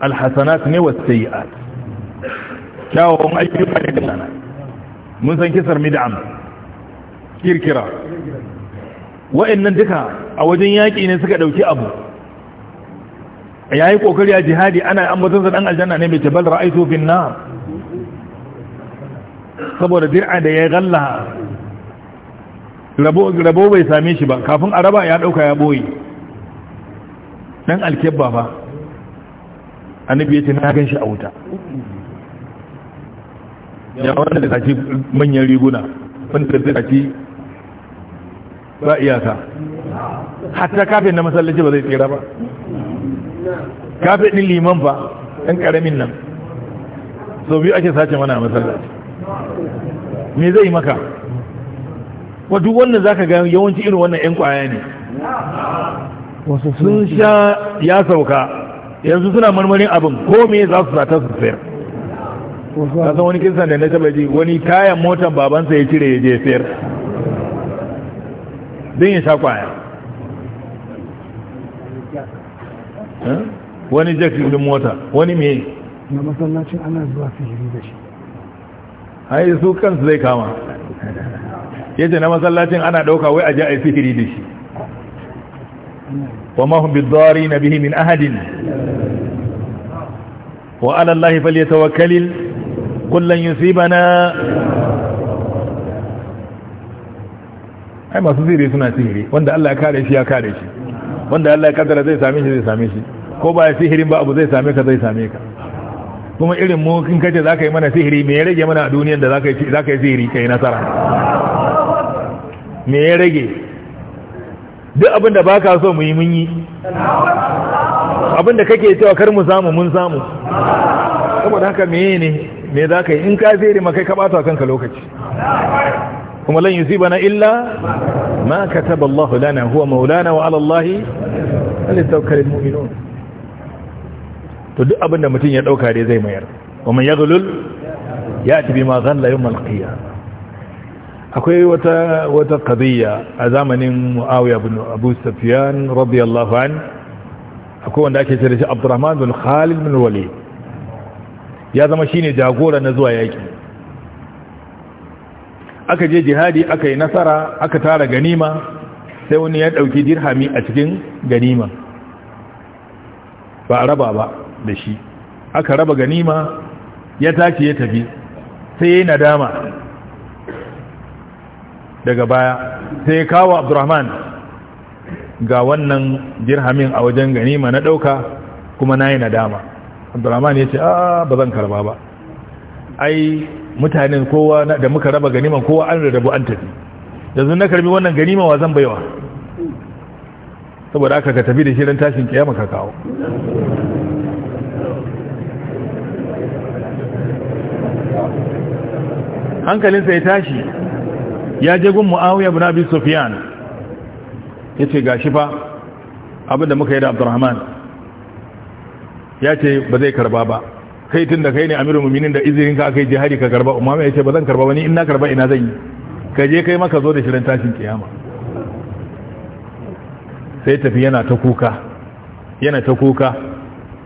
alhassanat ne wasu sayi'at kyawawan ayyuka ne da mun san kisar mid'am kirkira wa'annan duka a wajen yaƙi ne suka ɗauki abu ya yi ƙoƙari a jihadi ana ambatansa ɗan aljanna ne mai jabal ra'aitu bin na saboda dir'a da ya galla rabo bai same shi ba kafin a raba ya ɗauka ya ɓoye ɗan alkebba ba annabi ya ce na gan shi a wuta ya wanda da ci manyan riguna wanda da ci ba iyaka hatta kafin na masallaci ba zai tsira ba kafin ɗin liman ba ɗan ƙaramin nan sau biyu ake sace mana a masallaci me zai maka wa duk wannan za ka ga yawanci irin wannan 'yan kwaya ne sun sha ya sauka yanzu suna marmarin abin ko me za su sata su sayar kasan wani kinsan da na taba ji wani kayan motan babansa ya cire ya je sayar Din ya sha kwaya wani jack din mota wani mai na masallacin ana zuwa sihiri da shi ai su kansu zai kama yadda na masallacin ana dauka wai a ji ai sihiri da shi wa ma hum na bihi min ahadin wa ala allahi falyatawakkalul kullan yusibana ai masu sihiri suna sihiri wanda Allah ya kare shi ya kare shi wanda Allah ya kaddara zai same shi zai same shi ko ba sihirin ba abu zai same ka zai same ka kuma irin mu kin kace zaka yi mana sihiri me ya rage mana a duniyar da zaka yi zaka yi sihiri kai nasara me ya rage duk abinda baka so mu yi mun yi abinda kake cewa kar mu samu mun samu saboda haka me ne me zaka yi in ka sihiri ma kai ka bata kanka lokaci ثم لن يصيبنا إلا ما كتب الله لنا هو مولانا وعلى الله فلتوكل المؤمنون تدق أبنى متين يدعوك هذه زي ما يرد ومن يغلل يأتي بما غل يوم القيامه القيام أخي وتقضية أزامن مؤاوية بن أبو السفيان رضي الله عنه أخي وانا أكي عبد الرحمن بن خالد بن الولي يا زمشيني جاقورة نزوى يأكي aka je jihadi aka yi nasara aka tara ganima sai wani ya ɗauki dirhami a cikin ganima ba a raba ba da shi aka raba ganima ya tashi ya tafi sai ya yi nadama daga baya sai ya kawo abdurrahman ga wannan dirhamin a wajen ganima na ɗauka kuma na yi nadama abdurrahman ya ce a ba zan karba ba ai mutanen kowa da muka raba ganiman kowa an rarrabu an tafi yanzu na karbi wannan ganima wa zan baiwa saboda aka ka tafi da shirin tashin kiyama ka kawo hankalinsa ya tashi ya je gun mu'awiyar bin abi sufyan ya ce ga shi fa abinda muka yi da abdurrahman ya ce ba zai karba ba kai tun da kai ne amirul mu'minin da izinin ka kai jihadi ka karba umama yace ba zan karba ba ni in na karba ina zan yi ka je kai maka zo da shirin tashin kiyama sai tafi yana ta kuka yana ta kuka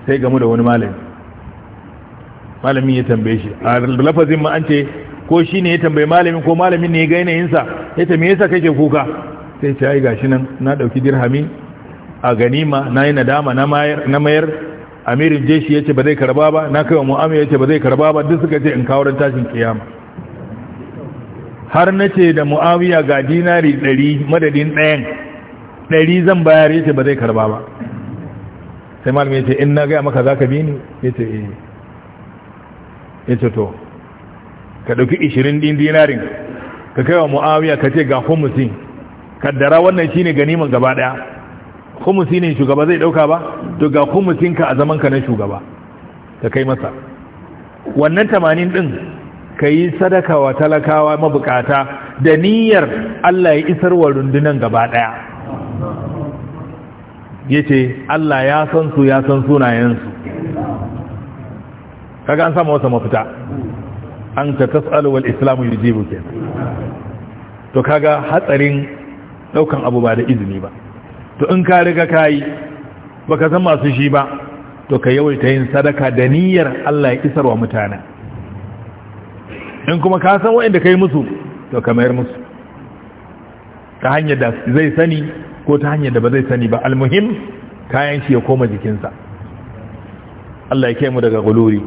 sai gamu da wani malami malamin ya tambaye shi a lafazin ma an ce ko shi ne ya tambaye malamin ko malamin ne ya ga yanayinsa ya me yasa kake kuka sai ce ai gashi nan na dauki dirhami a ganima na yi nadama na mayar amirin jeshi ya ce ba zai karba ba na kai wa mu'amir ya ce ba zai karba ba duk suka ce in kawo tashin kiyama har na ce da mu'amiya ga dinari ɗari madadin ɗayan ɗari zan bayar ya ce ba zai karba ba sai malam ya ce in na gaya maka za ka bi ni ya ce eh ya ce to ka ɗauki ishirin ɗin dinarin ka kai wa mu'awiya ka ce ga kun mutum kaddara wannan shine ganiman gaba ɗaya kumusi ne shugaba zai dauka ba to ga kumusinka a zaman ka na shugaba ka kai masa wannan tamanin din ka yi sadaka wa talakawa mabukata da niyyar Allah ya isar wa rundunan gaba daya yace Allah ya san su ya san sunayen su kaga an samu wasa mafita an ta tas'alu wal islamu yujibu to kaga hatsarin daukan abu ba da izini ba to in ka riga ka yi baka san masu shi ba to ka ta yin sadaka da niyyar Allah ya isarwa mutane in kuma ka san waɗanda ka yi musu to ka mayar musu ta hanyar da zai sani ko ta hanyar da ba zai sani ba almuhim kayan shi ya koma jikinsa Allah ya kai mu daga guluri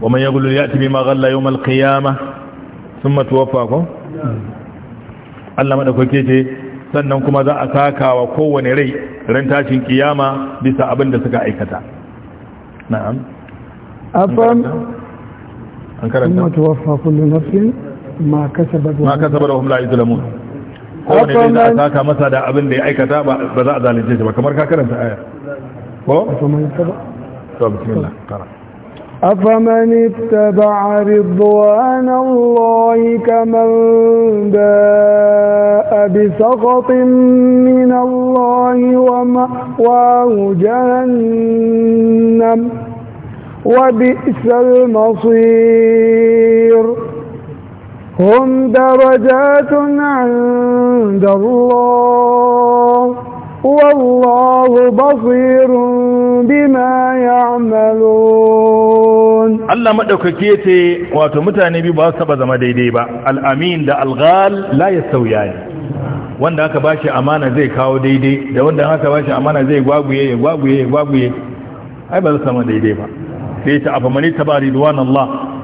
wa man yaqulu ya'ti bima ghalla yawm al-qiyamah thumma tuwaffa ko Allah madaukake ce sannan kuma za a saka wa kowane rai ran tashin kiyama bisa abin da suka aikata na'am afan an karanta kuma tuwaffa kullu nafsin ma kasaba ma kasaba wa hum la yuzlamun kowane rai za a saka masa da abin da ya aikata ba za a zalunce shi ba kamar ka karanta aya ko to bismillah أفمن اتبع رضوان الله كمن باء بسخط من الله ومأواه جهنم وبئس المصير هم درجات عند الله والله بصير بما يعملون الله مدوكake yace wato mutane biyu ba su taba zama daidai ba al-amin da wanda aka bashi amana zai kawo daidai da wanda aka bashi amana zai gwaguye gwaguye gwaguye ai ba su sama daidai ba sai ta afamani tabari duwan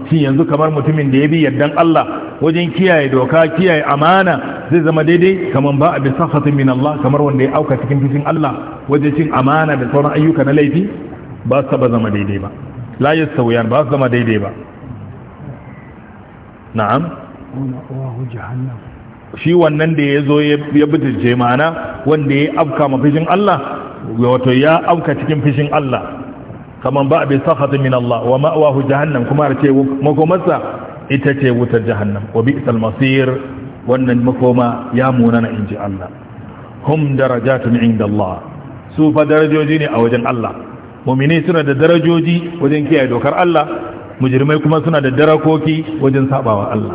shi yanzu kamar mutumin da ya bi yardan Allah wajen kiyaye doka kiyaye amana zai zama daidai kamar ba a bi sakhatin min Allah kamar wanda ya auka cikin fushin Allah wajen cin amana da sauran ayyuka na laifi ba su ba zama daidai ba la sauya ba su zama daidai ba na'am shi wannan da ya zo ya bitirce ma'ana wanda ya afka fishin Allah wato ya afka cikin fishin Allah kamar ba a bi sakhatin min Allah wa ma'wahu jahannam kuma ce makomarsa ita ce wutar jahannam wa bi'sal masir wannan makoma ya munana in ji Allah hum darajatun inda Allah su fa darajoji ne a wajen Allah mumini suna da darajoji wajen kiyaye dokar Allah mujrimai kuma suna da darakoki wajen sabawa Allah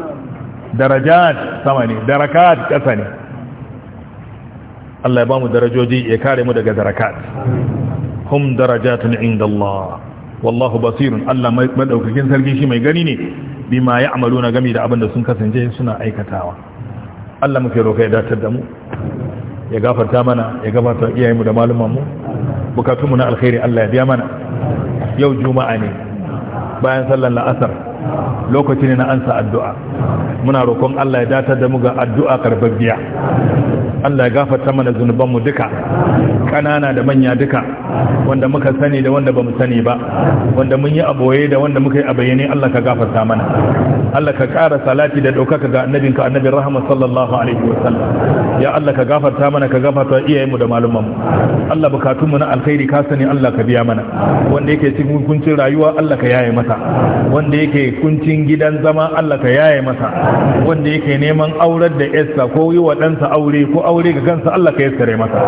darajat sama ne darakat kasa ne Allah ya ba mu darajoji ya kare mu daga darakat hum darajatun inda Allah wallahu basirun Allah madaukakin sarki shi mai gani ne bima ya amalu na gami da abin da sun kasance suna aikatawa Allah muke roƙa ya datar da mu ya gafarta mana ya gafarta iyayenmu da malumanmu bukatunmu na alkhairi Allah ya biya mana yau juma'a ne bayan sallar la'asar lokaci ne na ansa addu'a muna roƙon Allah ya datar da mu ga addu'a karbabbiya Allah ya gafarta mana zunubanmu duka ƙanana da manya duka wanda muka sani da wanda ba mu sani ba wanda mun yi aboye da wanda muka yi a bayyane Allah ka gafarta mana Allah ka ƙara salati da ɗaukaka ga annabinka annabin rahama sallallahu alaihi wa sallam ya Allah ka gafarta mana ka gafarta iyayenmu da malumanmu Allah mu na alkhairi ka sani Allah ka biya mana wanda yake cikin kuncin rayuwa Allah ka yaye masa wanda yake kuncin gidan zama Allah ta yaye masa wanda yake neman aurar da yarsa ko yi wa ɗansa aure ko aure ga kansa Allah ka yassare masa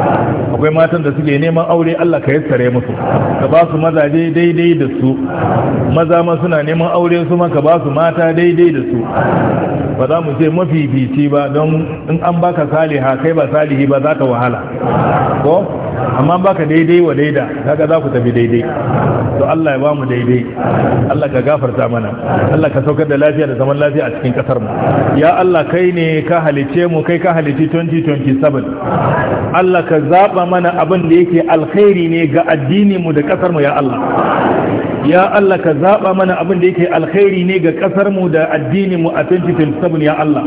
akwai matan da suke neman aure Allah ka yassare musu ka ba su mazaje daidai da su maza ma suna neman aure su ma ka ba su mata daidai da su ba za mu ce mafifici ba don in an baka saliha kai ba salihi ba za ka wahala ko amma baka daidai wa daida kaga za ku tafi daidai to Allah ya ba mu daidai Allah ka gafarta mana Allah ka saukar da lafiya da zaman lafiya a cikin kasar mu ya Allah kai ne ka halice mu kai ka halice 2027 Allah ka zaba mana abin da yake alkhairi ne ga addini mu da kasar mu ya Allah ya Allah ka zaba mana abin da yake alkhairi ne ga kasar mu da addini mu a 2027 ya Allah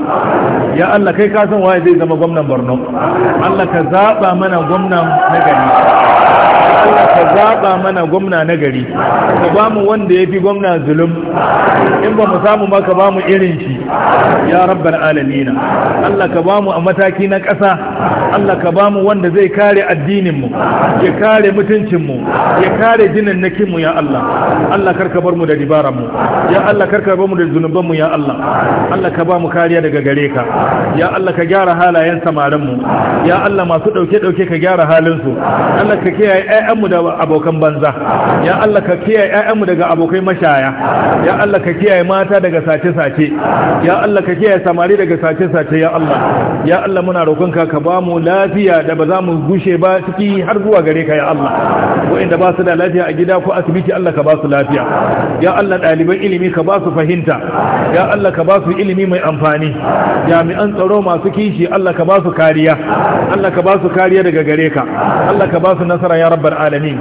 ya Allah kai ka san waye zai zama gwamnan Borno Allah ka zaba mana gwamnan na gari ka zaɓa mana gwamna na gari ka ba mu wanda ya fi gwamna zulum in ba mu samu ba ka ba mu irin shi ya rabbar alalina Allah ka ba mu a mataki na ƙasa Allah ka ba mu wanda zai kare addininmu ya kare mutuncinmu ya kare jinin ya Allah Allah karka bar mu da dibaranmu ya Allah karka bar mu da zunubanmu ya Allah Allah ka ba mu kariya daga gare ka ya Allah ka gyara halayen samarinmu ya Allah masu ɗauke-ɗauke ka gyara halin su Allah ka kiyaye ƴaƴanmu da abokan banza ya Allah ka kiyaye ƴaƴanmu daga abokai mashaya ya Allah ka kiyaye mata daga sace-sace ya Allah ka kiyaye samari daga sace-sace ya Allah ya Allah muna roƙonka ka ba mu lafiya da ba za mu gushe ba ciki har zuwa gare ka ya Allah waɗanda ba su da lafiya a gida ko asibiti Allah ka ba su lafiya ya Allah ɗaliban ilimi ka ba su fahimta ya Allah ka ba su ilimi mai amfani jami'an tsaro masu kishi Allah ka ba su kariya Allah ka ba su kariya daga gare ka Allah ka ba su nasara ya rabbal alamin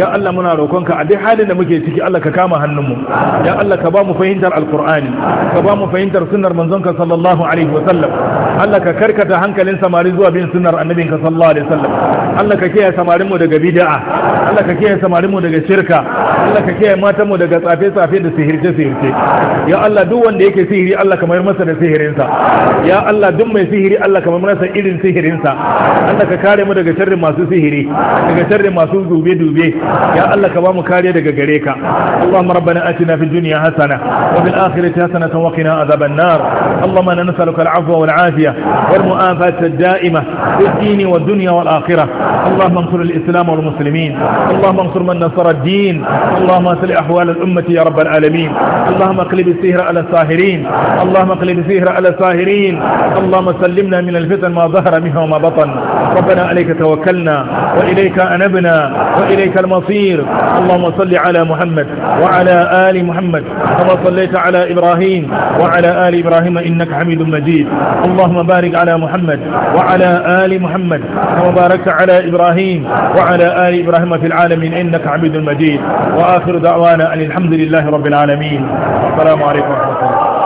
ya Allah muna roƙonka a duk halin da muke ciki Allah ka kama hannunmu ya Allah ka ba mu fahimtar alqur'ani ka ba mu fahimtar sunnar manzonka sallallahu alaihi wa sallam Allah ka karkata hankalin samari zuwa bin sunnar annabinka sallallahu alaihi wa sallam Allah ka kiyaye samarinmu mu daga bid'a Allah ka kiyaye samarinmu mu daga shirka Allah ka kiyaye matanmu mu daga tsafe tsafe da sihirce sihirce ya Allah duk wanda yake sihiri Allah ka mayar masa da sihirinsa ya Allah duk mai sihiri Allah ka mayar masa irin sihirinsa Allah ka kare mu daga sharrin masu sihiri sihiri daga sharrin masu dube dube ya Allah ka ba mu kariya daga gare ka Allahumma rabbana atina fid dunya hasana wa fil akhirati hasana wa qina adhaban nar Allahumma inna nas'aluka al-'afwa wal 'afiyah wal mu'afata ad-da'ima fid din wad dunya wal akhirah Allahumma ansur ansur al islam wal muslimin Allahumma man nasara انصر الإسلام والمسلمين اللهم انصر من نصر الدين اللهم اصل أحوال الأمة يا رب العالمين اللهم اقلب السهر على الساهرين اللهم اقلب السهر على الساهرين اللهم سلمنا من الفتن ما ظهر منها وما بطن ربنا عليك توكلنا وإليك أنبنا وإليك المصير اللهم صل على محمد وعلى آل محمد كما صليت على إبراهيم وعلى آل إبراهيم إنك حميد مجيد اللهم بارك على محمد وعلى آل محمد كما باركت على إبراهيم وعلى آل إبراهيم في العالمين إنك حميد مجيد وآخر دعوانا أن الحمد لله رب العالمين السلام عليكم ورحمة الله